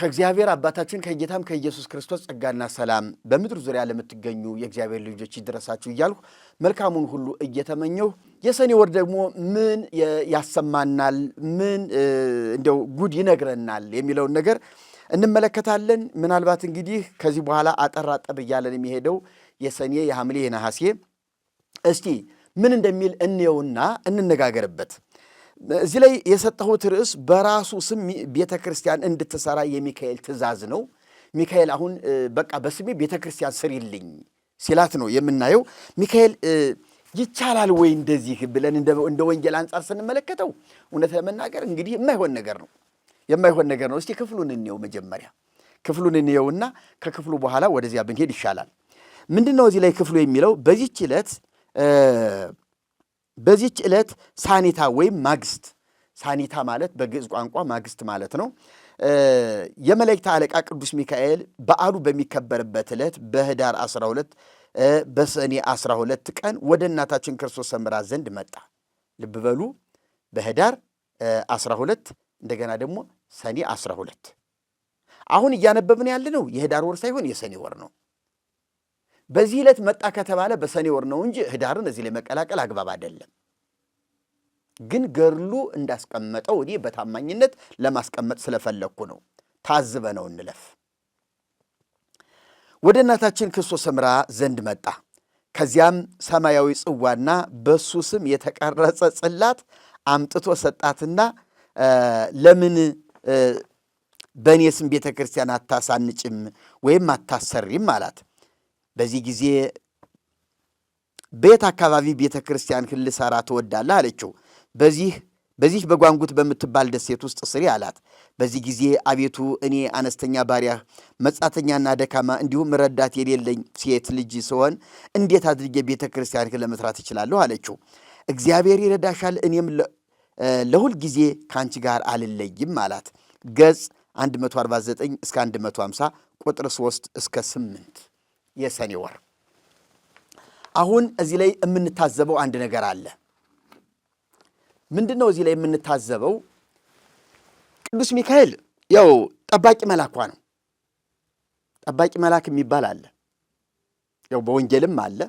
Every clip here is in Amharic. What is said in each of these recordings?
ከእግዚአብሔር አባታችን ከጌታም ከኢየሱስ ክርስቶስ ጸጋና ሰላም በምድር ዙሪያ ለምትገኙ የእግዚአብሔር ልጆች ይድረሳችሁ እያልሁ መልካሙን ሁሉ እየተመኘሁ የሰኔ ወር ደግሞ ምን ያሰማናል፣ ምን እንደው ጉድ ይነግረናል የሚለውን ነገር እንመለከታለን። ምናልባት እንግዲህ ከዚህ በኋላ አጠር አጠር እያለን የሚሄደው የሰኔ የሐምሌ የነሐሴ እስቲ ምን እንደሚል እንየውና እንነጋገርበት። እዚህ ላይ የሰጠሁት ርዕስ በራሱ ስም ቤተ ክርስቲያን እንድትሰራ የሚካኤል ትእዛዝ ነው። ሚካኤል አሁን በቃ በስሜ ቤተ ክርስቲያን ስሪልኝ ሲላት ነው የምናየው። ሚካኤል ይቻላል ወይ እንደዚህ ብለን እንደ ወንጌል አንጻር ስንመለከተው እውነት ለመናገር እንግዲህ የማይሆን ነገር ነው የማይሆን ነገር ነው። እስቲ ክፍሉን እንየው። መጀመሪያ ክፍሉን እንየውና ከክፍሉ በኋላ ወደዚያ ብንሄድ ይሻላል። ምንድን ነው እዚህ ላይ ክፍሉ የሚለው? በዚች ዕለት በዚች ዕለት ሳኔታ ወይም ማግስት፣ ሳኔታ ማለት በግዕዝ ቋንቋ ማግስት ማለት ነው። የመላእክት አለቃ ቅዱስ ሚካኤል በዓሉ በሚከበርበት ዕለት በህዳር 12 በሰኔ 12 ቀን ወደ እናታችን ክርስቶስ ሰምራ ዘንድ መጣ። ልብ በሉ በህዳር 12 እንደገና ደግሞ ሰኔ 12 አሁን እያነበብን ያለ ነው የህዳር ወር ሳይሆን የሰኔ ወር ነው። በዚህ ዕለት መጣ ከተባለ በሰኔ ወር ነው እንጂ ህዳርን እዚህ ላይ መቀላቀል አግባብ አይደለም። ግን ገርሉ እንዳስቀመጠው እኔ በታማኝነት ለማስቀመጥ ስለፈለግኩ ነው። ታዝበ ነው እንለፍ። ወደ እናታችን ክርስቶስ ሰምራ ዘንድ መጣ። ከዚያም ሰማያዊ ጽዋና በሱ ስም የተቀረጸ ጽላት አምጥቶ ሰጣትና ለምን በእኔ ስም ቤተ ክርስቲያን አታሳንጭም ወይም አታሰሪም አላት። በዚህ ጊዜ በየት አካባቢ ቤተ ክርስቲያን ልሰራ ትወዳለህ አለችው። በዚህ በዚህ በጓንጉት በምትባል ደሴት ውስጥ ስሪ አላት። በዚህ ጊዜ አቤቱ እኔ አነስተኛ ባሪያህ መጻተኛና ደካማ እንዲሁም ረዳት የሌለኝ ሴት ልጅ ስሆን እንዴት አድርጌ ቤተ ክርስቲያንህን ለመስራት እችላለሁ? አለችው። እግዚአብሔር ይረዳሻል፣ እኔም ለሁል ጊዜ ከአንቺ ጋር አልለይም አላት። ገጽ 149 እስከ 150 ቁጥር 3 እስከ 8 የሰኔ ወር። አሁን እዚህ ላይ የምንታዘበው አንድ ነገር አለ። ምንድን ነው እዚህ ላይ የምንታዘበው? ቅዱስ ሚካኤል ያው ጠባቂ መላኳ ነው። ጠባቂ መላክ የሚባል አለ፣ ያው በወንጌልም አለ።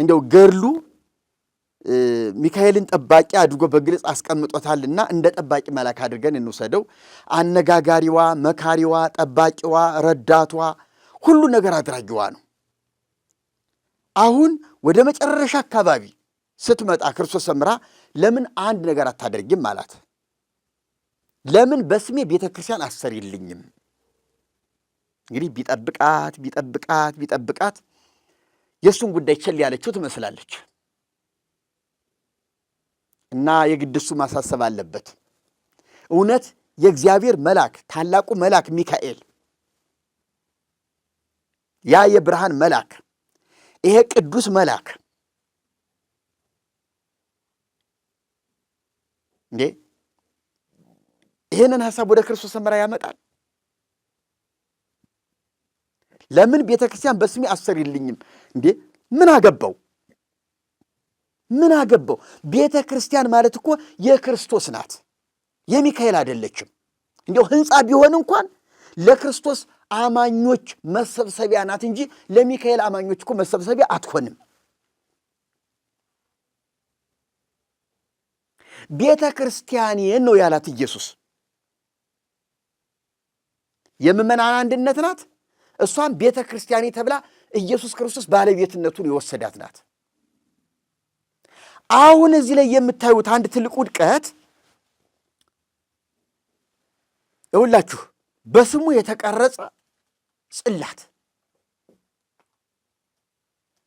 እንደው ገድሉ ሚካኤልን ጠባቂ አድርጎ በግልጽ አስቀምጦታልና እንደ ጠባቂ መላክ አድርገን እንውሰደው። አነጋጋሪዋ፣ መካሪዋ፣ ጠባቂዋ፣ ረዳቷ ሁሉ ነገር አድራጊዋ ነው። አሁን ወደ መጨረሻ አካባቢ ስትመጣ ክርስቶስ ሰምራ ለምን አንድ ነገር አታደርጊም አላት። ለምን በስሜ ቤተ ክርስቲያን አሰሪልኝም? እንግዲህ ቢጠብቃት ቢጠብቃት ቢጠብቃት የእሱን ጉዳይ ቸል ያለችው ትመስላለች። እና የግድ እሱ ማሳሰብ አለበት። እውነት የእግዚአብሔር መልአክ ታላቁ መልአክ ሚካኤል ያ የብርሃን መልአክ ይሄ ቅዱስ መልአክ እንዴ ይህንን ሐሳብ ወደ ክርስቶስ ሰምራ ያመጣል። ለምን ቤተ ክርስቲያን በስሜ አሰሪልኝም እንዴ? ምን አገባው? ምን አገባው? ቤተ ክርስቲያን ማለት እኮ የክርስቶስ ናት፣ የሚካኤል አይደለችም። እንዲያው ሕንፃ ቢሆን እንኳን ለክርስቶስ አማኞች መሰብሰቢያ ናት እንጂ ለሚካኤል አማኞች እኮ መሰብሰቢያ አትሆንም። ቤተ ክርስቲያኔን ነው ያላት ኢየሱስ። የምእመናን አንድነት ናት። እሷም ቤተ ክርስቲያኔ ተብላ ኢየሱስ ክርስቶስ ባለቤትነቱን የወሰዳት ናት። አሁን እዚህ ላይ የምታዩት አንድ ትልቅ ውድቀት እውላችሁ በስሙ የተቀረጸ ጽላት፣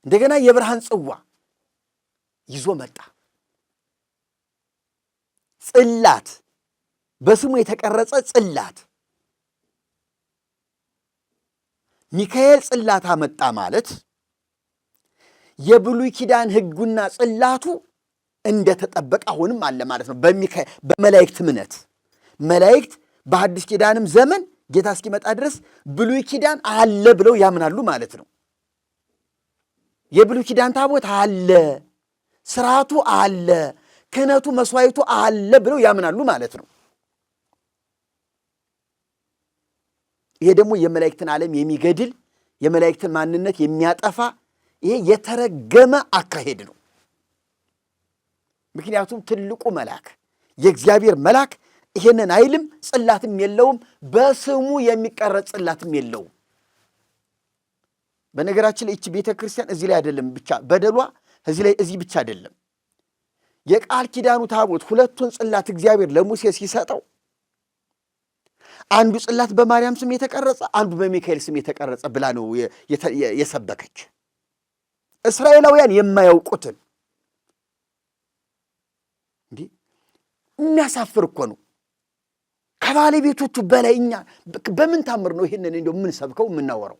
እንደገና የብርሃን ጽዋ ይዞ መጣ። ጽላት፣ በስሙ የተቀረጸ ጽላት። ሚካኤል ጽላት አመጣ ማለት የብሉይ ኪዳን ሕጉና ጽላቱ እንደተጠበቀ አሁንም አለ ማለት ነው። በመላእክት እምነት መላእክት በአዲስ ኪዳንም ዘመን ጌታ እስኪመጣ ድረስ ብሉይ ኪዳን አለ ብለው ያምናሉ ማለት ነው። የብሉይ ኪዳን ታቦት አለ፣ ስርዓቱ አለ፣ ክህነቱ፣ መስዋዕቱ አለ ብለው ያምናሉ ማለት ነው። ይሄ ደግሞ የመላእክትን ዓለም የሚገድል የመላእክትን ማንነት የሚያጠፋ ይሄ የተረገመ አካሄድ ነው። ምክንያቱም ትልቁ መልአክ የእግዚአብሔር መልአክ ይሄንን አይልም። ጽላትም የለውም። በስሙ የሚቀረጽ ጽላትም የለውም። በነገራችን ላይ እቺ ቤተ ክርስቲያን እዚህ ላይ አይደለም ብቻ በደሏ እዚህ ላይ እዚህ ብቻ አይደለም። የቃል ኪዳኑ ታቦት ሁለቱን ጽላት እግዚአብሔር ለሙሴ ሲሰጠው አንዱ ጽላት በማርያም ስም የተቀረጸ አንዱ በሚካኤል ስም የተቀረጸ ብላ ነው የሰበከች። እስራኤላውያን የማያውቁትን እንዲህ የሚያሳፍር እኮ ነው። ከባለቤቶቹ በላይ እኛ በምን ታምር ነው ይህንን እንደው የምንሰብከው የምናወረው?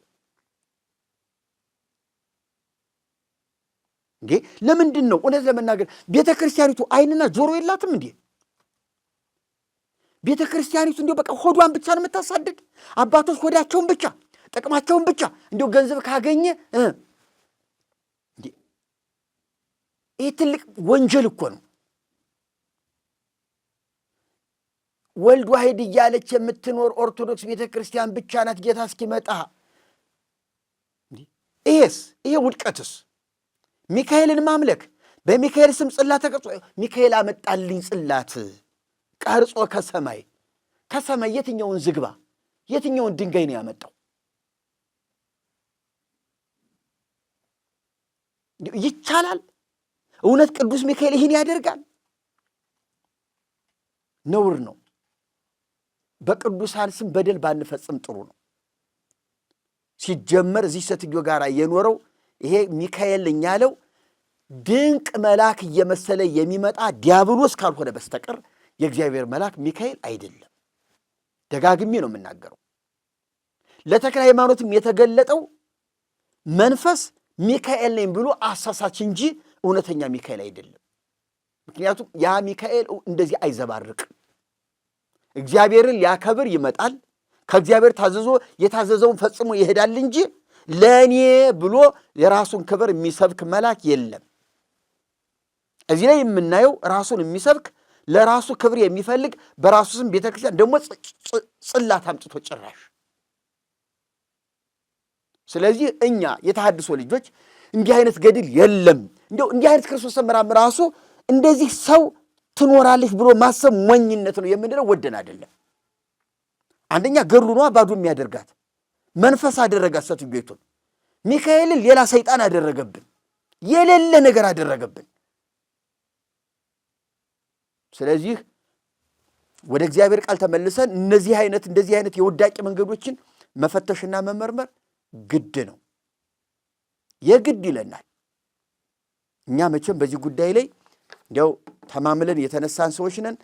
እንዴ ለምንድን ነው እውነት ለመናገር ቤተ ክርስቲያኒቱ አይንና ጆሮ የላትም እንዴ? ቤተ ክርስቲያኒቱ እንዲያው በቃ ሆዷን ብቻ ነው የምታሳድድ። አባቶች ሆዳቸውን ብቻ፣ ጥቅማቸውን ብቻ እንዲሁ ገንዘብ ካገኘ ይህ ትልቅ ወንጀል እኮ ነው። ወልድ ዋሂድ እያለች የምትኖር ኦርቶዶክስ ቤተ ክርስቲያን ብቻ ናት ጌታ እስኪመጣ። ይሄስ ይሄ ውድቀትስ ሚካኤልን ማምለክ በሚካኤል ስም ጽላት ተቀርጾ ሚካኤል አመጣልኝ ጽላት ቀርጾ ከሰማይ ከሰማይ የትኛውን ዝግባ የትኛውን ድንጋይ ነው ያመጣው? ይቻላል? እውነት ቅዱስ ሚካኤል ይህን ያደርጋል? ነውር ነው። በቅዱሳን ስም በደል ባንፈጽም ጥሩ ነው። ሲጀመር እዚህ ሴትዮ ጋር የኖረው ይሄ ሚካኤል ነኝ ድንቅ መልአክ እየመሰለ የሚመጣ ዲያብሎስ ካልሆነ በስተቀር የእግዚአብሔር መልአክ ሚካኤል አይደለም። ደጋግሜ ነው የምናገረው። ለተክለ ሃይማኖትም የተገለጠው መንፈስ ሚካኤል ነኝ ብሎ አሳሳች እንጂ እውነተኛ ሚካኤል አይደለም። ምክንያቱም ያ ሚካኤል እንደዚህ አይዘባርቅም። እግዚአብሔርን ሊያከብር ይመጣል። ከእግዚአብሔር ታዘዞ የታዘዘውን ፈጽሞ ይሄዳል እንጂ ለእኔ ብሎ የራሱን ክብር የሚሰብክ መልአክ የለም። እዚህ ላይ የምናየው ራሱን የሚሰብክ ለራሱ ክብር የሚፈልግ በራሱ ስም ቤተ ክርስቲያን ደግሞ ጽላት አምጥቶ ጭራሽ። ስለዚህ እኛ የተሐድሶ ልጆች እንዲህ አይነት ገድል የለም። እንዲያው እንዲህ አይነት ክርስቶስ ተምራም ራሱ እንደዚህ ሰው ትኖራለች ብሎ ማሰብ ሞኝነት ነው የምንለው ወደን አይደለም። አንደኛ ገድሉኗ ባዶ የሚያደርጋት መንፈስ አደረጋት ሴትዮቱን። ሚካኤልን ሌላ ሰይጣን አደረገብን፣ የሌለ ነገር አደረገብን። ስለዚህ ወደ እግዚአብሔር ቃል ተመልሰን እነዚህ አይነት እንደዚህ አይነት የውዳቂ መንገዶችን መፈተሽና መመርመር ግድ ነው፣ የግድ ይለናል። እኛ መቼም በዚህ ጉዳይ ላይ እንዲያው ተማምለን የተነሳን ሰዎች ነን።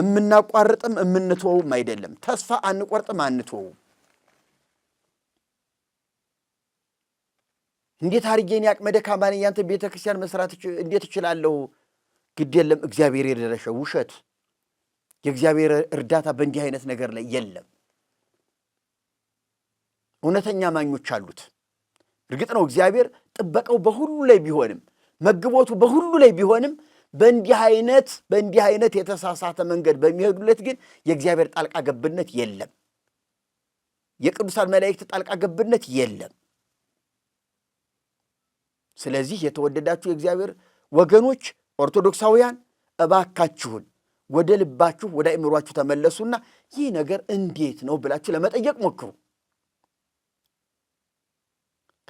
እምናቋርጥም እምንተወውም አይደለም። ተስፋ አንቆርጥም፣ አንተወውም። እንዴት አርጌን ያቅመ ደካማ ነኝ ያንተ ቤተ ክርስቲያን መስራት እንዴት እችላለሁ? ግድ የለም እግዚአብሔር የደረሸ ውሸት። የእግዚአብሔር እርዳታ በእንዲህ አይነት ነገር ላይ የለም። እውነተኛ ማኞች አሉት። እርግጥ ነው እግዚአብሔር ጥበቃው በሁሉ ላይ ቢሆንም መግቦቱ በሁሉ ላይ ቢሆንም በእንዲህ አይነት በእንዲህ አይነት የተሳሳተ መንገድ በሚሄዱለት ግን የእግዚአብሔር ጣልቃ ገብነት የለም። የቅዱሳን መላእክት ጣልቃ ገብነት የለም። ስለዚህ የተወደዳችሁ የእግዚአብሔር ወገኖች ኦርቶዶክሳውያን እባካችሁን ወደ ልባችሁ ወደ አእምሯችሁ ተመለሱና ይህ ነገር እንዴት ነው ብላችሁ ለመጠየቅ ሞክሩ።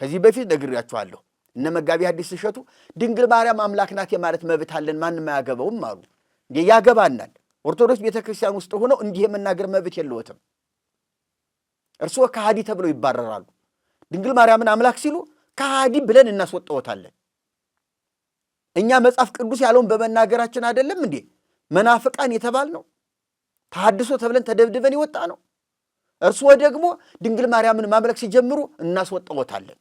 ከዚህ በፊት ነግሬያችኋለሁ። እነ መጋቢ ሐዲስ እሸቱ ድንግል ማርያም አምላክ ናት የማለት መብት አለን፣ ማንም አያገባውም አሉ። ያገባናል። ኦርቶዶክስ ቤተ ክርስቲያን ውስጥ ሆነው እንዲህ የመናገር መብት የለዎትም፣ እርስዎ ከሃዲ ተብለው ይባረራሉ። ድንግል ማርያምን አምላክ ሲሉ ከሃዲ ብለን እናስወጣዎታለን። እኛ መጽሐፍ ቅዱስ ያለውን በመናገራችን አይደለም እንዴ መናፍቃን የተባል ነው? ተሐድሶ ተብለን ተደብድበን የወጣ ነው። እርስዎ ደግሞ ድንግል ማርያምን ማምለክ ሲጀምሩ እናስወጣዎታለን።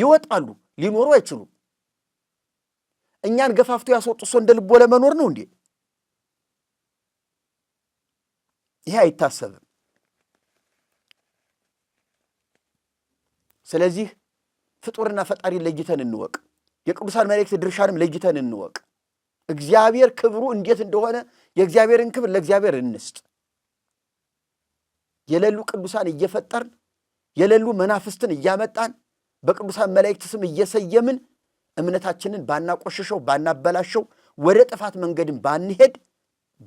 ይወጣሉ፣ ሊኖሩ አይችሉም። እኛን ገፋፍቶ ያስወጡ ሰው እንደ ልቦ ለመኖር ነው እንዴ? ይሄ አይታሰብም። ስለዚህ ፍጡርና ፈጣሪ ለይተን እንወቅ። የቅዱሳን መላእክት ድርሻንም ለይተን እንወቅ። እግዚአብሔር ክብሩ እንዴት እንደሆነ የእግዚአብሔርን ክብር ለእግዚአብሔር እንስጥ። የሌሉ ቅዱሳን እየፈጠርን የሌሉ መናፍስትን እያመጣን በቅዱሳን መላእክት ስም እየሰየምን እምነታችንን ባናቆሽሸው ባናበላሸው ወደ ጥፋት መንገድን ባንሄድ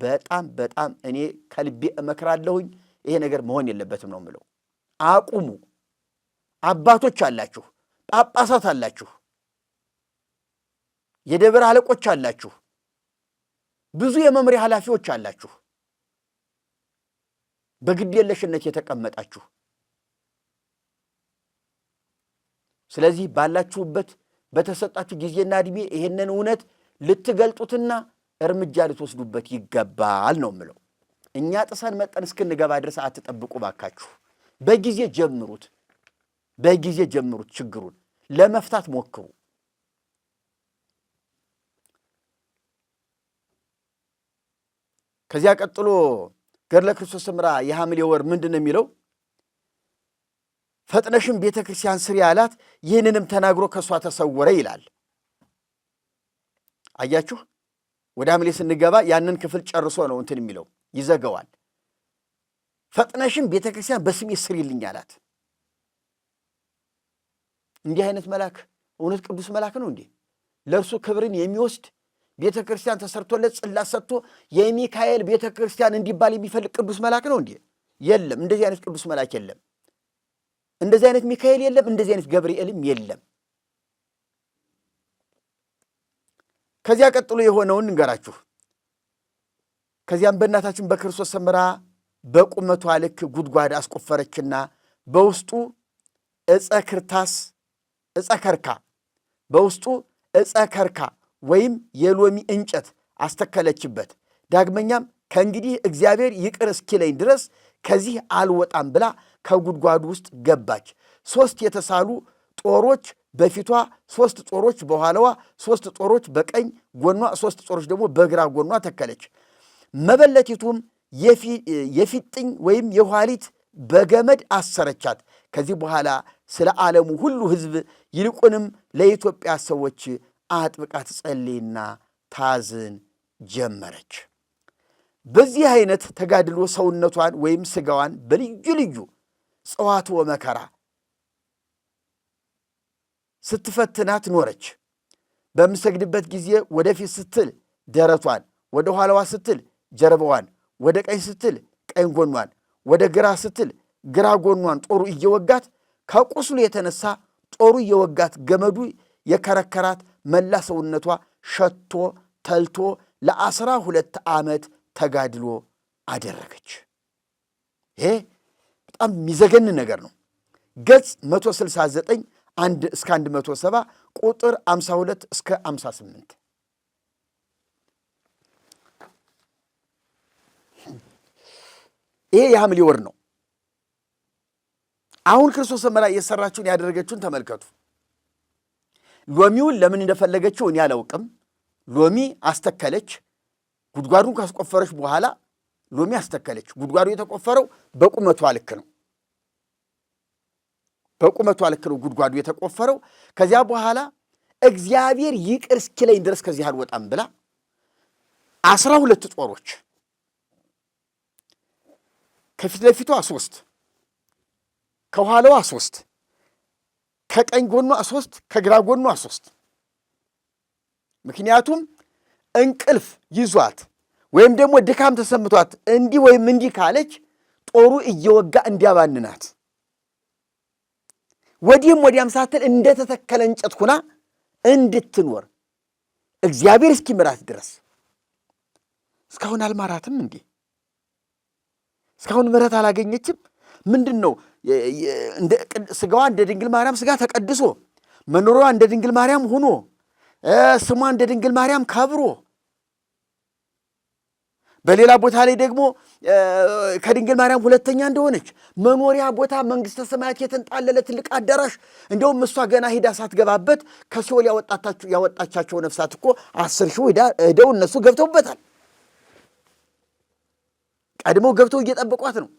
በጣም በጣም እኔ ከልቤ እመክራለሁኝ። ይሄ ነገር መሆን የለበትም ነው ምለው። አቁሙ። አባቶች አላችሁ፣ ጳጳሳት አላችሁ፣ የደብረ አለቆች አላችሁ፣ ብዙ የመምሪያ ኃላፊዎች አላችሁ፣ በግድ የለሽነት የተቀመጣችሁ ስለዚህ ባላችሁበት በተሰጣችሁ ጊዜና ዕድሜ ይህንን እውነት ልትገልጡትና እርምጃ ልትወስዱበት ይገባል ነው የምለው። እኛ ጥሰን መጠን እስክንገባ ድረስ አትጠብቁ ባካችሁ። በጊዜ ጀምሩት፣ በጊዜ ጀምሩት። ችግሩን ለመፍታት ሞክሩ። ከዚያ ቀጥሎ ገድለ ክርስቶስ ሠምራ የሐምሌ ወር ምንድን ነው የሚለው? ፈጥነሽም ቤተ ክርስቲያን ስሪ አላት። ይህንንም ተናግሮ ከእሷ ተሰወረ ይላል። አያችሁ፣ ወደ ሐምሌ ስንገባ ያንን ክፍል ጨርሶ ነው እንትን የሚለው ይዘገዋል። ፈጥነሽም ቤተ ክርስቲያን በስሜ ስሪልኝ አላት። እንዲህ አይነት መልአክ እውነት ቅዱስ መልአክ ነው እንዴ? ለእርሱ ክብርን የሚወስድ ቤተ ክርስቲያን ተሰርቶለት ጽላት ሰጥቶ የሚካኤል ቤተ ክርስቲያን እንዲባል የሚፈልግ ቅዱስ መልአክ ነው እንዴ? የለም፣ እንደዚህ አይነት ቅዱስ መልአክ የለም። እንደዚህ አይነት ሚካኤል የለም፣ እንደዚህ አይነት ገብርኤልም የለም። ከዚያ ቀጥሎ የሆነውን እንገራችሁ። ከዚያም በእናታችን በክርስቶስ ሰምራ በቁመቷ ልክ ጉድጓድ አስቆፈረችና በውስጡ ዕፀ ክርታስ ዕፀ ከርካ በውስጡ ዕፀ ከርካ ወይም የሎሚ እንጨት አስተከለችበት። ዳግመኛም ከእንግዲህ እግዚአብሔር ይቅር እስኪለኝ ድረስ ከዚህ አልወጣም ብላ ከጉድጓዱ ውስጥ ገባች። ሦስት የተሳሉ ጦሮች በፊቷ ሦስት ጦሮች በኋላዋ፣ ሦስት ጦሮች በቀኝ ጎኗ፣ ሦስት ጦሮች ደግሞ በግራ ጎኗ ተከለች። መበለቲቱም የፊጥኝ ወይም የኋሊት በገመድ አሰረቻት። ከዚህ በኋላ ስለ ዓለሙ ሁሉ ሕዝብ ይልቁንም ለኢትዮጵያ ሰዎች አጥብቃ ትጸልይና ታዝን ጀመረች። በዚህ አይነት ተጋድሎ ሰውነቷን ወይም ስጋዋን በልዩ ልዩ ጸዋትወ መከራ ስትፈትናት ኖረች። በምሰግድበት ጊዜ ወደፊት ስትል ደረቷን፣ ወደ ኋላዋ ስትል ጀርባዋን፣ ወደ ቀኝ ስትል ቀኝ ጎኗን፣ ወደ ግራ ስትል ግራ ጎኗን ጦሩ እየወጋት ከቁስሉ የተነሳ ጦሩ እየወጋት ገመዱ የከረከራት መላ ሰውነቷ ሸቶ ተልቶ ለአስራ ሁለት ዓመት ተጋድሎ አደረገች። ይሄ በጣም የሚዘገን ነገር ነው። ገጽ 169 አንድ እስከ 170 ቁጥር 52 እስከ 58 ይሄ የሐምሌ ወር ነው። አሁን ክርስቶስ ሰምራ የሰራችውን ያደረገችውን ተመልከቱ። ሎሚውን ለምን እንደፈለገችው እኔ አላውቅም። ሎሚ አስተከለች፣ ጉድጓዱን ካስቆፈረች በኋላ ሎሚ አስተከለች። ጉድጓዱ የተቆፈረው በቁመቱ ልክ ነው። በቁመቱ ልክ ነው ጉድጓዱ የተቆፈረው። ከዚያ በኋላ እግዚአብሔር ይቅር እስኪለኝ ድረስ ከዚህ አልወጣም ብላ አስራ ሁለት ጦሮች ከፊት ለፊቷ ሶስት፣ ከኋላዋ ሶስት፣ ከቀኝ ጎኗ ሶስት፣ ከግራ ጎኗ ሶስት ምክንያቱም እንቅልፍ ይዟት ወይም ደግሞ ድካም ተሰምቷት እንዲህ ወይም እንዲህ ካለች ጦሩ እየወጋ እንዲያባንናት ወዲህም ወዲያም ሳትል እንደተተከለ እንጨት ሁና እንድትኖር እግዚአብሔር እስኪምራት ድረስ እስካሁን አልማራትም እንዴ? እስካሁን ምሕረት አላገኘችም? ምንድን ነው ስጋዋ እንደ ድንግል ማርያም ስጋ ተቀድሶ መኖሯ እንደ ድንግል ማርያም ሆኖ ስሟ እንደ ድንግል ማርያም ከብሮ በሌላ ቦታ ላይ ደግሞ ከድንግል ማርያም ሁለተኛ እንደሆነች መኖሪያ ቦታ መንግሥተ ሰማያት የተንጣለለ ትልቅ አዳራሽ፣ እንደውም እሷ ገና ሂዳ ሳትገባበት ከሲኦል ያወጣቻቸው ነፍሳት እኮ አስር ሺው ሂደው እነሱ ገብተውበታል። ቀድመው ገብተው እየጠበቋት ነው።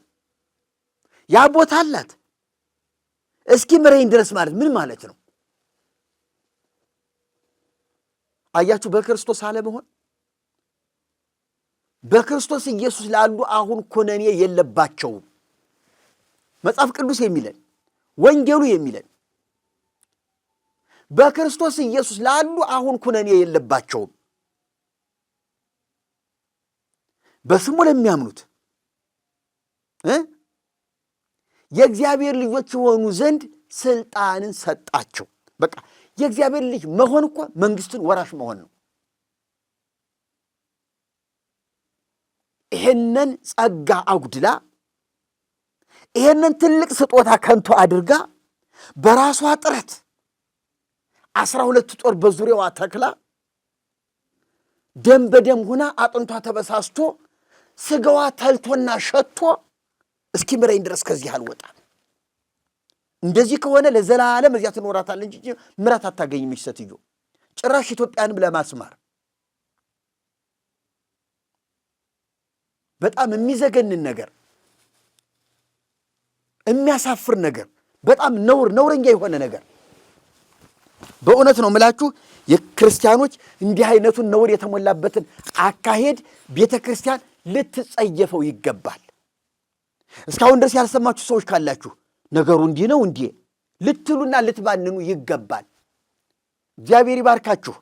ያ ቦታ አላት። እስኪ ምረኝ ድረስ ማለት ምን ማለት ነው? አያችሁ በክርስቶስ አለመሆን በክርስቶስ ኢየሱስ ላሉ አሁን ኩነኔ የለባቸውም። መጽሐፍ ቅዱስ የሚለን ወንጌሉ የሚለን በክርስቶስ ኢየሱስ ላሉ አሁን ኩነኔ የለባቸውም። በስሙ ለሚያምኑት የእግዚአብሔር ልጆች የሆኑ ዘንድ ስልጣንን ሰጣቸው። በቃ የእግዚአብሔር ልጅ መሆን እኮ መንግስትን ወራሽ መሆን ነው። ይሄንን ጸጋ አጉድላ ይሄንን ትልቅ ስጦታ ከንቱ አድርጋ በራሷ ጥረት አስራ ሁለት ጦር በዙሪያዋ ተክላ ደም በደም ሆና አጥንቷ ተበሳስቶ ስጋዋ ተልቶና ሸቶ እስኪ ምረኝ ድረስ ከዚህ አልወጣ። እንደዚህ ከሆነ ለዘላለም እዚያ ትኖራታል እንጂ ምረት አታገኝም ሴትዮ ጭራሽ ኢትዮጵያንም ለማስማር በጣም የሚዘገንን ነገር፣ የሚያሳፍር ነገር፣ በጣም ነውር ነውረኛ የሆነ ነገር። በእውነት ነው የምላችሁ የክርስቲያኖች እንዲህ አይነቱን ነውር የተሞላበትን አካሄድ ቤተ ክርስቲያን ልትጸየፈው ይገባል። እስካሁን ድረስ ያልሰማችሁ ሰዎች ካላችሁ ነገሩ እንዲህ ነው እንዲህ ልትሉና ልትባንኑ ይገባል። እግዚአብሔር ይባርካችሁ።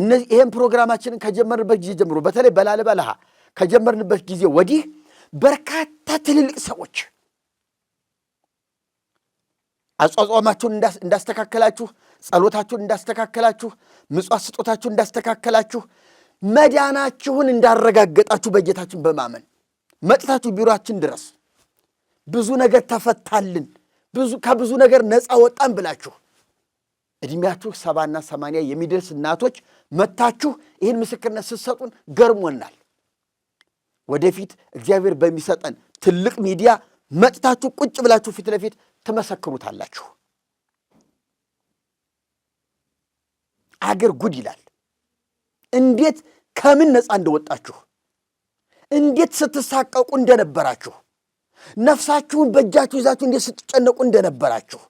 እነዚህ ይህን ፕሮግራማችንን ከጀመርንበት ጊዜ ጀምሮ በተለይ በላለ ከጀመርንበት ጊዜ ወዲህ በርካታ ትልልቅ ሰዎች አጿጿማችሁን እንዳስተካከላችሁ፣ ጸሎታችሁን እንዳስተካከላችሁ፣ ምጽዋት ስጦታችሁን እንዳስተካከላችሁ፣ መዳናችሁን እንዳረጋገጣችሁ በጌታችን በማመን መጥታችሁ ቢሮችን ድረስ ብዙ ነገር ተፈታልን፣ ከብዙ ነገር ነፃ ወጣን ብላችሁ ዕድሜያችሁ ሰባና ሰማንያ የሚደርስ እናቶች መታችሁ ይህን ምስክርነት ስትሰጡን ገርሞናል። ወደፊት እግዚአብሔር በሚሰጠን ትልቅ ሚዲያ መጥታችሁ ቁጭ ብላችሁ ፊት ለፊት ትመሰክሩታላችሁ። አገር ጉድ ይላል። እንዴት ከምን ነፃ እንደወጣችሁ፣ እንዴት ስትሳቀቁ እንደነበራችሁ፣ ነፍሳችሁን በእጃችሁ ይዛችሁ እንዴት ስትጨነቁ እንደነበራችሁ፣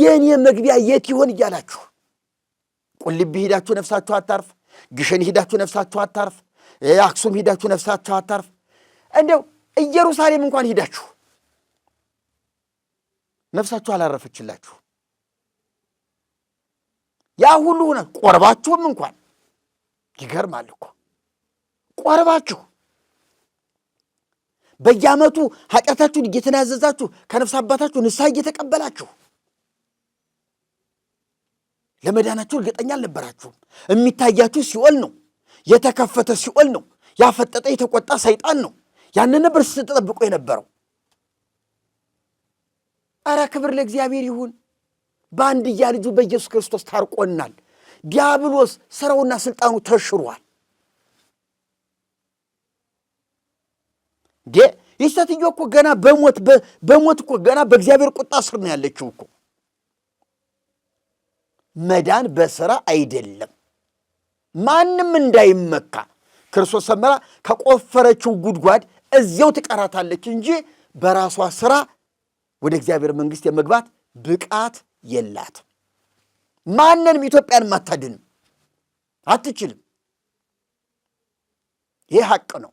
የእኔ መግቢያ የት ይሆን እያላችሁ ቁልቢ ሂዳችሁ ነፍሳችሁ አታርፍ፣ ግሸን ሂዳችሁ ነፍሳችሁ አታርፍ፣ አክሱም ሂዳችሁ ነፍሳችሁ አታርፍ እንደው ኢየሩሳሌም እንኳን ሂዳችሁ ነፍሳችሁ አላረፈችላችሁ። ያ ሁሉ ሆነ ቆርባችሁም እንኳን ይገርማል እኮ ቆርባችሁ በየዓመቱ ኃጢአታችሁን እየተናዘዛችሁ ከነፍስ አባታችሁ ንስሐ እየተቀበላችሁ ለመዳናችሁ እርግጠኛ አልነበራችሁም። የሚታያችሁ ሲኦል ነው፣ የተከፈተ ሲኦል ነው፣ ያፈጠጠ የተቆጣ ሰይጣን ነው። ያንን ነበር ስትጠብቁ የነበረው። አረ ክብር ለእግዚአብሔር ይሁን። በአንድያ ልጁ በኢየሱስ ክርስቶስ ታርቆናል። ዲያብሎስ ስራውና ስልጣኑ ተሽሯል። ዴ ይህ ሴትዮ እኮ ገና በሞት በሞት እኮ ገና በእግዚአብሔር ቁጣ ስር ነው ያለችው እኮ። መዳን በስራ አይደለም። ማንም እንዳይመካ ክርስቶስ ሰምራ ከቆፈረችው ጉድጓድ እዚያው ትቀራታለች እንጂ በራሷ ስራ ወደ እግዚአብሔር መንግስት የመግባት ብቃት የላት። ማንንም ኢትዮጵያን አታድንም፣ አትችልም። ይህ ሐቅ ነው።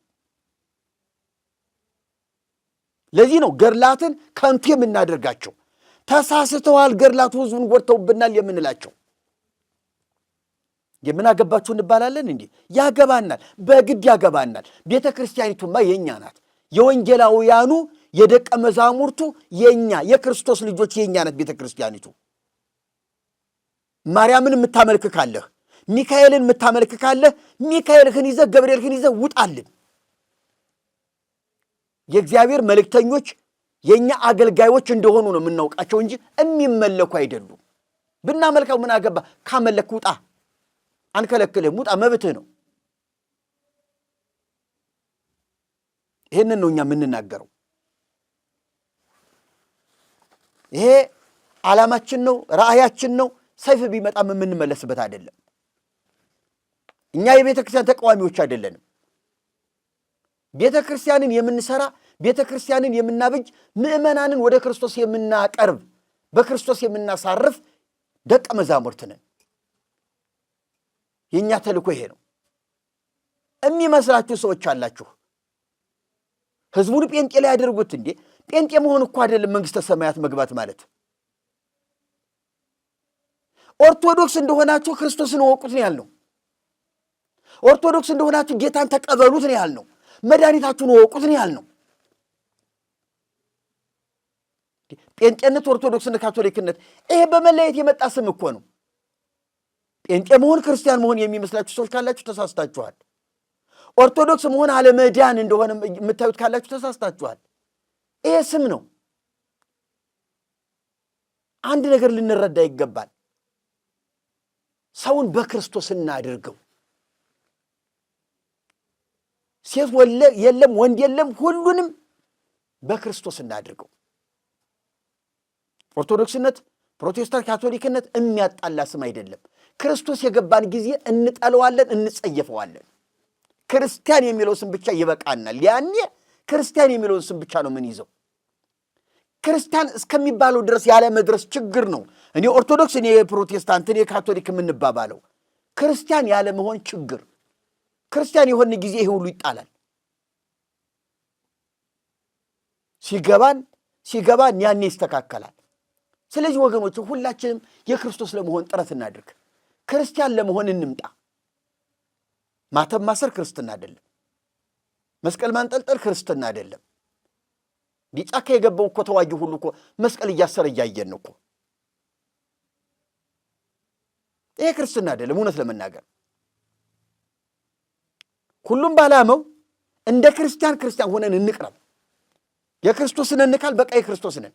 ለዚህ ነው ገድላትን ከንቱ የምናደርጋቸው። ተሳስተዋል፣ ገድላት ህዝቡን ጎድተውብናል የምንላቸው የምን አገባችሁ እንባላለን እንዴ? ያገባናል፣ በግድ ያገባናል። ቤተ ክርስቲያኒቱማ የእኛ ናት። የወንጌላውያኑ የደቀ መዛሙርቱ የእኛ የክርስቶስ ልጆች የእኛ ናት ቤተ ክርስቲያኒቱ። ማርያምን የምታመልክ ካለህ፣ ሚካኤልን የምታመልክ ካለህ ሚካኤልህን ይዘህ ገብርኤልህን ይዘህ ውጣልን። የእግዚአብሔር መልእክተኞች የእኛ አገልጋዮች እንደሆኑ ነው የምናውቃቸው እንጂ የሚመለኩ አይደሉም። ብናመልከው ምን አገባ? ካመለክ ውጣ። አንከለክልህም፣ ውጣ፣ መብትህ ነው። ይህንን ነው እኛ የምንናገረው። ይሄ ዓላማችን ነው፣ ራእያችን ነው። ሰይፍ ቢመጣም የምንመለስበት አይደለም። እኛ የቤተ ክርስቲያን ተቃዋሚዎች አይደለንም። ቤተ ክርስቲያንን የምንሰራ ቤተ ክርስቲያንን የምናብጅ ምዕመናንን ወደ ክርስቶስ የምናቀርብ በክርስቶስ የምናሳርፍ ደቀ መዛሙርት ነን። የእኛ ተልእኮ ይሄ ነው። የሚመስላችሁ ሰዎች አላችሁ። ህዝቡን ጴንጤ ላይ ያደርጉት እንዴ? ጴንጤ መሆን እኮ አይደለም መንግሥተ ሰማያት መግባት ማለት። ኦርቶዶክስ እንደሆናችሁ ክርስቶስን ወቁት ነው ያልነው። ኦርቶዶክስ እንደሆናችሁ ጌታን ተቀበሉት ነው ያልነው። መድኃኒታችሁን ወቁት ነው ያልነው። ጴንጤነት፣ ኦርቶዶክስነት፣ ካቶሊክነት ይሄ በመለየት የመጣ ስም እኮ ነው። ጴንጤ መሆን ክርስቲያን መሆን የሚመስላችሁ ሰዎች ካላችሁ ተሳስታችኋል። ኦርቶዶክስ መሆን አለመዳን እንደሆነ የምታዩት ካላችሁ ተሳስታችኋል። ይሄ ስም ነው። አንድ ነገር ልንረዳ ይገባል። ሰውን በክርስቶስ እናድርገው። ሴት የለም ወንድ የለም፣ ሁሉንም በክርስቶስ እናድርገው። ኦርቶዶክስነት፣ ፕሮቴስታንት፣ ካቶሊክነት የሚያጣላ ስም አይደለም። ክርስቶስ የገባን ጊዜ እንጠለዋለን፣ እንጸየፈዋለን። ክርስቲያን የሚለው ስም ብቻ ይበቃናል። ያኔ ክርስቲያን የሚለውን ስም ብቻ ነው ምን ይዘው ክርስቲያን እስከሚባለው ድረስ ያለ መድረስ ችግር ነው። እኔ ኦርቶዶክስ፣ እኔ ፕሮቴስታንት፣ እኔ ካቶሊክ የምንባባለው ክርስቲያን ያለ መሆን ችግር። ክርስቲያን የሆን ጊዜ ይሄ ሁሉ ይጣላል። ሲገባን ሲገባን ያኔ ይስተካከላል። ስለዚህ ወገኖች ሁላችንም የክርስቶስ ለመሆን ጥረት እናድርግ። ክርስቲያን ለመሆን እንምጣ። ማተብ ማሰር ክርስትና አይደለም። መስቀል ማንጠልጠል ክርስትና አይደለም። ጫካ የገባው እኮ ተዋጊ ሁሉ እኮ መስቀል እያሰረ እያየን እኮ ይሄ ክርስትና አይደለም። እውነት ለመናገር ሁሉም ባላመው እንደ ክርስቲያን ክርስቲያን ሆነን እንቅረብ። የክርስቶስን እንካል በቃ የክርስቶስንን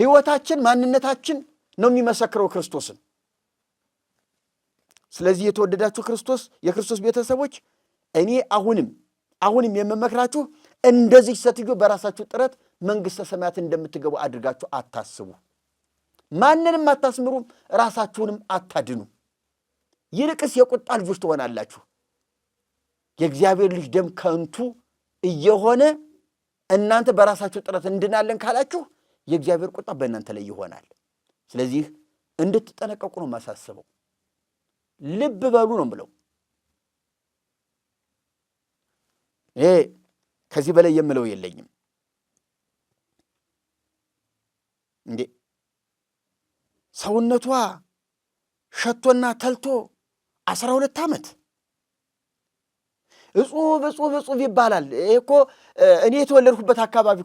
ሕይወታችን ማንነታችን ነው የሚመሰክረው ክርስቶስን ስለዚህ የተወደዳችሁ ክርስቶስ የክርስቶስ ቤተሰቦች እኔ አሁንም አሁንም የምመክራችሁ እንደዚህ ሴትዮ በራሳችሁ ጥረት መንግሥተ ሰማያት እንደምትገቡ አድርጋችሁ አታስቡ። ማንንም አታስምሩም፣ ራሳችሁንም አታድኑ። ይልቅስ የቁጣ ልጆች ትሆናላችሁ። የእግዚአብሔር ልጅ ደም ከንቱ እየሆነ እናንተ በራሳችሁ ጥረት እንድናለን ካላችሁ የእግዚአብሔር ቁጣ በእናንተ ላይ ይሆናል። ስለዚህ እንድትጠነቀቁ ነው የማሳስበው። ልብ በሉ ነው ብለው ይሄ ከዚህ በላይ የምለው የለኝም። እንዴ ሰውነቷ ሸቶና ተልቶ አስራ ሁለት ዓመት እጹብ እጹብ እጹብ ይባላል እኮ እኔ የተወለድኩበት አካባቢ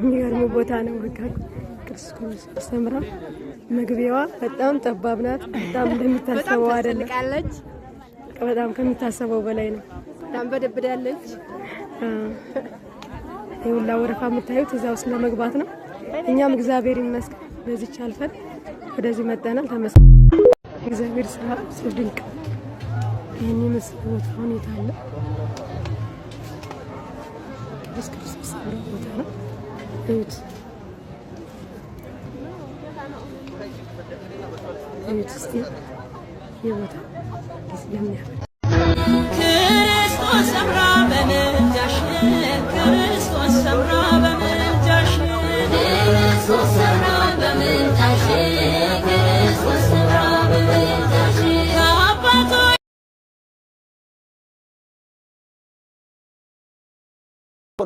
የሚገርም ቦታ ነው። በቃ ቅዱስ ጊዮርጊስ አስተምራ መግቢያዋ በጣም ጠባብ ናት። በጣም እንደሚታሰበው አይደለም። በጣም ከሚታሰበው በላይ ነው። በጣም በደብዳለች። የሁላ ወረፋ የምታዩት እዛ ውስጥ ለመግባት ነው። እኛም እግዚአብሔር ይመስገን በዚች አልፈን ወደዚህ መጠናል። ተመስገን እግዚአብሔር ስራ ድንቅ ይህን የመስል ቦታ ሁኔታ አለ። ቅዱስ ጊዮርጊስ ቦታ ነው። እዩት እዩት የቦታ ክርስቶስ ሰምራ በምልጃሽ ክርስቶስ ሰምራ በምልጃሽ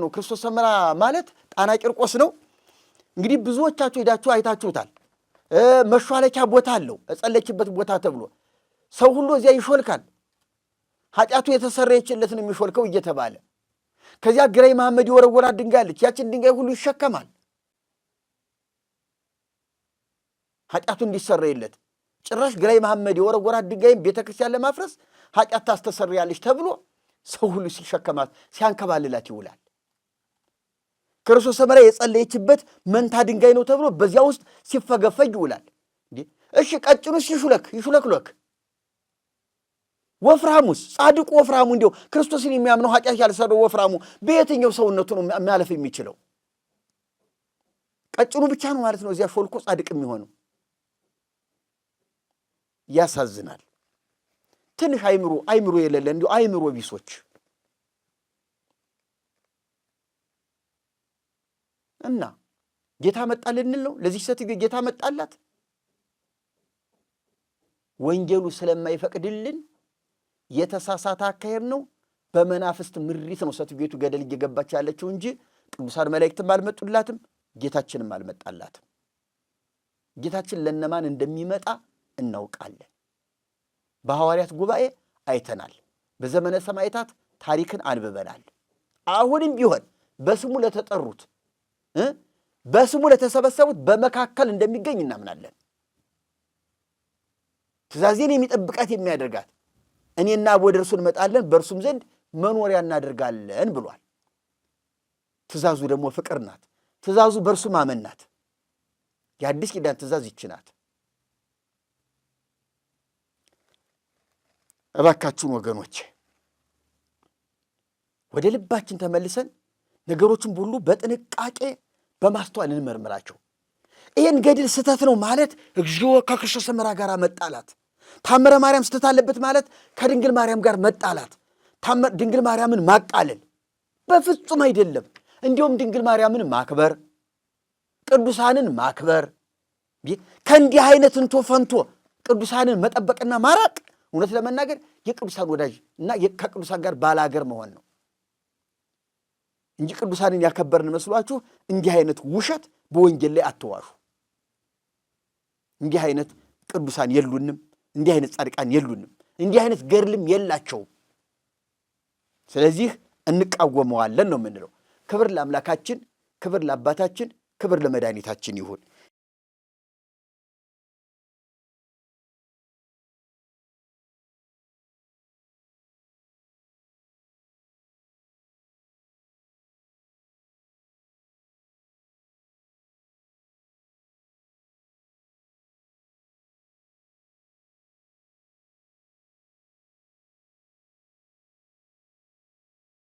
ነው። ክርስቶስ ሰመራ ማለት ጣና ቂርቆስ ነው። እንግዲህ ብዙዎቻችሁ ሄዳችሁ አይታችሁታል። መሿለኪያ ቦታ አለው፣ እጸለችበት ቦታ ተብሎ ሰው ሁሉ እዚያ ይሾልካል። ኃጢአቱ የተሰረየችለት ነው የሚሾልከው እየተባለ ከዚያ ግራኝ መሐመድ የወረወራ ድንጋይ አለች። ያችን ድንጋይ ሁሉ ይሸከማል ኃጢአቱ እንዲሰረይለት። ጭራሽ ግራኝ መሐመድ የወረወራ ድንጋይም ቤተ ክርስቲያን ለማፍረስ ኃጢአት ታስተሰርያለች ተብሎ ሰው ሁሉ ሲሸከማት ሲያንከባልላት ይውላል። ክርስቶስ ሰምራ የጸለየችበት መንታ ድንጋይ ነው ተብሎ በዚያ ውስጥ ሲፈገፈግ ይውላል። እሺ ቀጭኑስ ይሹለክ ይሹለክሎክ ወፍራሙስ ጻድቁ ወፍራሙ እንዲው ክርስቶስን የሚያምነው ኃጢአት ያልሰራው ወፍራሙ በየትኛው ሰውነቱ ነው የሚያለፍ የሚችለው? ቀጭኑ ብቻ ነው ማለት ነው እዚያ ሾልኮ ጻድቅ የሚሆነው። ያሳዝናል። ትንሽ አይምሮ አይምሮ የሌለ እንዲሁ አይምሮ ቢሶች እና ጌታ መጣ ልንል ነው? ለዚህ ሴት ጌታ መጣላት ወንጌሉ ስለማይፈቅድልን የተሳሳተ አካሄድ ነው። በመናፍስት ምሪት ነው ሴትየቱ ገደል እየገባች ያለችው እንጂ ቅዱሳን መላእክትም አልመጡላትም፣ ጌታችንም አልመጣላትም። ጌታችን ለነማን እንደሚመጣ እናውቃለን። በሐዋርያት ጉባኤ አይተናል። በዘመነ ሰማዕታት ታሪክን አንብበናል። አሁንም ቢሆን በስሙ ለተጠሩት በስሙ ለተሰበሰቡት በመካከል እንደሚገኝ እናምናለን። ትእዛዜን የሚጠብቃት የሚያደርጋት እኔና ወደ እርሱ እንመጣለን በእርሱም ዘንድ መኖሪያ እናደርጋለን ብሏል። ትእዛዙ ደግሞ ፍቅር ናት። ትእዛዙ በእርሱ ማመን ናት። የአዲስ ኪዳን ትእዛዝ ይች ናት። እባካችሁን ወገኖች ወደ ልባችን ተመልሰን ነገሮችን ሁሉ በጥንቃቄ በማስተዋል እንመርምራቸው። ይህን ገድል ስህተት ነው ማለት እግዚኦ ከክርስቶስ ሰምራ ጋር መጣላት፣ ታምረ ማርያም ስህተት አለበት ማለት ከድንግል ማርያም ጋር መጣላት፣ ድንግል ማርያምን ማቃለል በፍጹም አይደለም። እንዲሁም ድንግል ማርያምን ማክበር፣ ቅዱሳንን ማክበር ከእንዲህ አይነት እንቶ ፈንቶ ቅዱሳንን መጠበቅና ማራቅ እውነት ለመናገር የቅዱሳን ወዳጅ እና ከቅዱሳን ጋር ባላገር መሆን ነው። እንጂ ቅዱሳንን ያከበርን መስሏችሁ እንዲህ አይነት ውሸት በወንጌል ላይ አትዋሹ። እንዲህ አይነት ቅዱሳን የሉንም፣ እንዲህ አይነት ጻድቃን የሉንም፣ እንዲህ አይነት ገድልም የላቸውም። ስለዚህ እንቃወመዋለን ነው የምንለው። ክብር ለአምላካችን፣ ክብር ለአባታችን፣ ክብር ለመድኃኒታችን ይሁን።